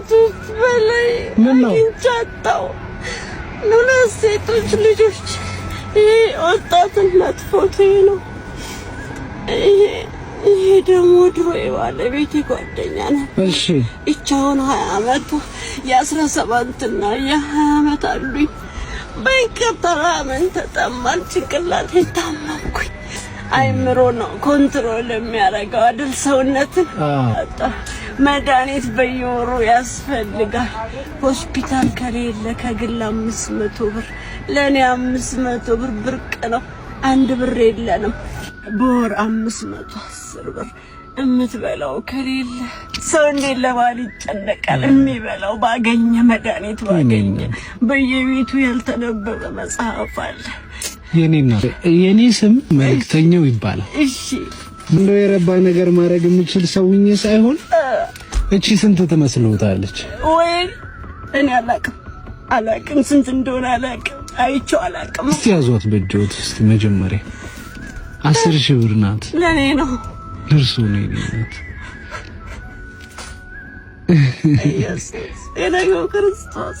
ከሞት ውስጥ በላይ አግኝቻታው ሁለት ሴቶች ልጆች። ይሄ ወጣትነት ፎቶ ነው። ይሄ ደግሞ ድሮ የባለቤቴ ጓደኛ ነው። እሺ ይቻውን ሀያ አመቱ የአስራ ሰባትና የሀያ አመት አሉኝ። በይቅርታ ራምን ተጠማን፣ ጭንቅላት የታመምኩኝ አይምሮ ነው ኮንትሮል የሚያደርገው አይደል ሰውነትን መድኃኒት በየወሩ ያስፈልጋል። ሆስፒታል ከሌለ ከግል አምስት መቶ ብር ለእኔ አምስት መቶ ብር ብርቅ ነው። አንድ ብር የለንም። በወር አምስት መቶ አስር ብር የምትበላው ከሌለ ሰው እንዴት ለባል ይጨነቃል? የሚበላው ባገኘ መድኃኒት ባገኘ። በየቤቱ ያልተነበበ መጽሐፍ አለ። የኔና የኔ ስም መልእክተኛው ይባላል። እሺ እንደው የረባ ነገር ማድረግ የምችል ሰውዬ ሳይሆን እቺ ስንት ትመስልዎታለች? ወይ እኔ አላቅም አላቅም፣ ስንት እንደሆነ አላቅም፣ አይቼው አላቅም። እስቲ ያዟት በእጅዎት እስቲ። መጀመሪያ አስር ሺህ ብር ናት። ለኔ ነው ድርሱ ነው ይሉት የነገው ክርስቶስ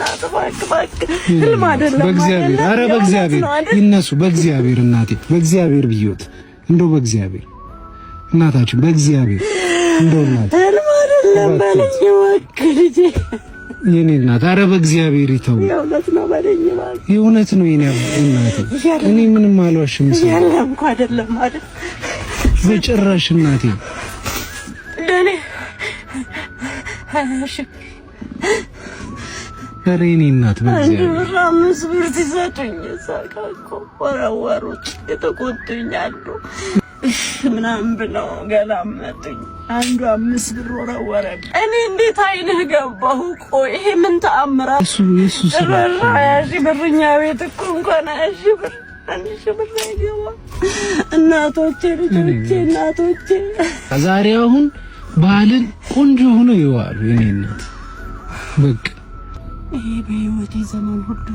እናት እባክህ እባክህ፣ ህልም አይደለም። በእግዚአብሔር ኧረ በእግዚአብሔር ይነሱ። በእግዚአብሔር እናቴ፣ በእግዚአብሔር ብዮት፣ እንደው በእግዚአብሔር እናታችን፣ በእግዚአብሔር እንደው እናት ህልም አይደለም በለኝ እባክህ ልጄ፣ የኔ እናት፣ ኧረ በእግዚአብሔር ይተው። የእውነት ነው በለኝ እባክህ፣ የእውነት ነው የኔ እናቴ። እኔ ምንም አልዋሽም። ያለም እኮ አይደለም አይደል? በጭራሽ እናቴ፣ ደኔ እሺ ኧረ የእኔ እናት በእግዚአብሔር አምስት ብር ሲሰጡኝ ሳካ ወረወሩት። የተቆጡኛሉ አሉ ምናምን ብለው ገላመጡኝ። አንዱ አምስት ብር ወረወረ። እኔ እንዴት አይንህ ገባሁ? ቆይ ይሄ ምን ተአምራት! እሱ እሱ ስለራ ያሺ ብርኛ ቤት እኮ እንኳን ያሺ ብር ብር እናቶቼ ልጆቼ፣ እናቶቼ ዛሬ አሁን ባህልን ቆንጆ ሆኖ ይዋሉ። የእኔ እናት በቃ ይሄ በህይወቴ ዘመን ሁሉ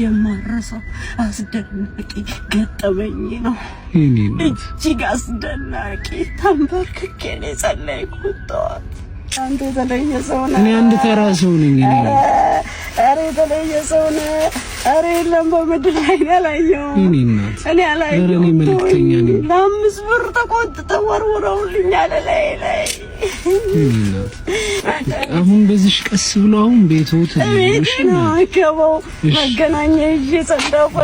የማረሳው አስደናቂ ገጠመኝ ነው። እጅግ አስደናቂ ተንበርክኬ ነው የጸለይኩት ጠዋት። አንዱ የተለየ ሰው ነው። እኔ አንድ ተራ ሰው ነኝ። ኧረ የተለየ ሰው ነው። ኧረ የለም በምድር ላይ አላየሁም። እኔ አላየሁም። ለአምስት ብር ተቆጥተው ወርውረውልኛል ላይ ላይ አሁን በዚህ ቀስ ብሎ አሁን ቤቱ ትንሽ ነው ገባው መገናኛ ይዤ ጸዳሁ።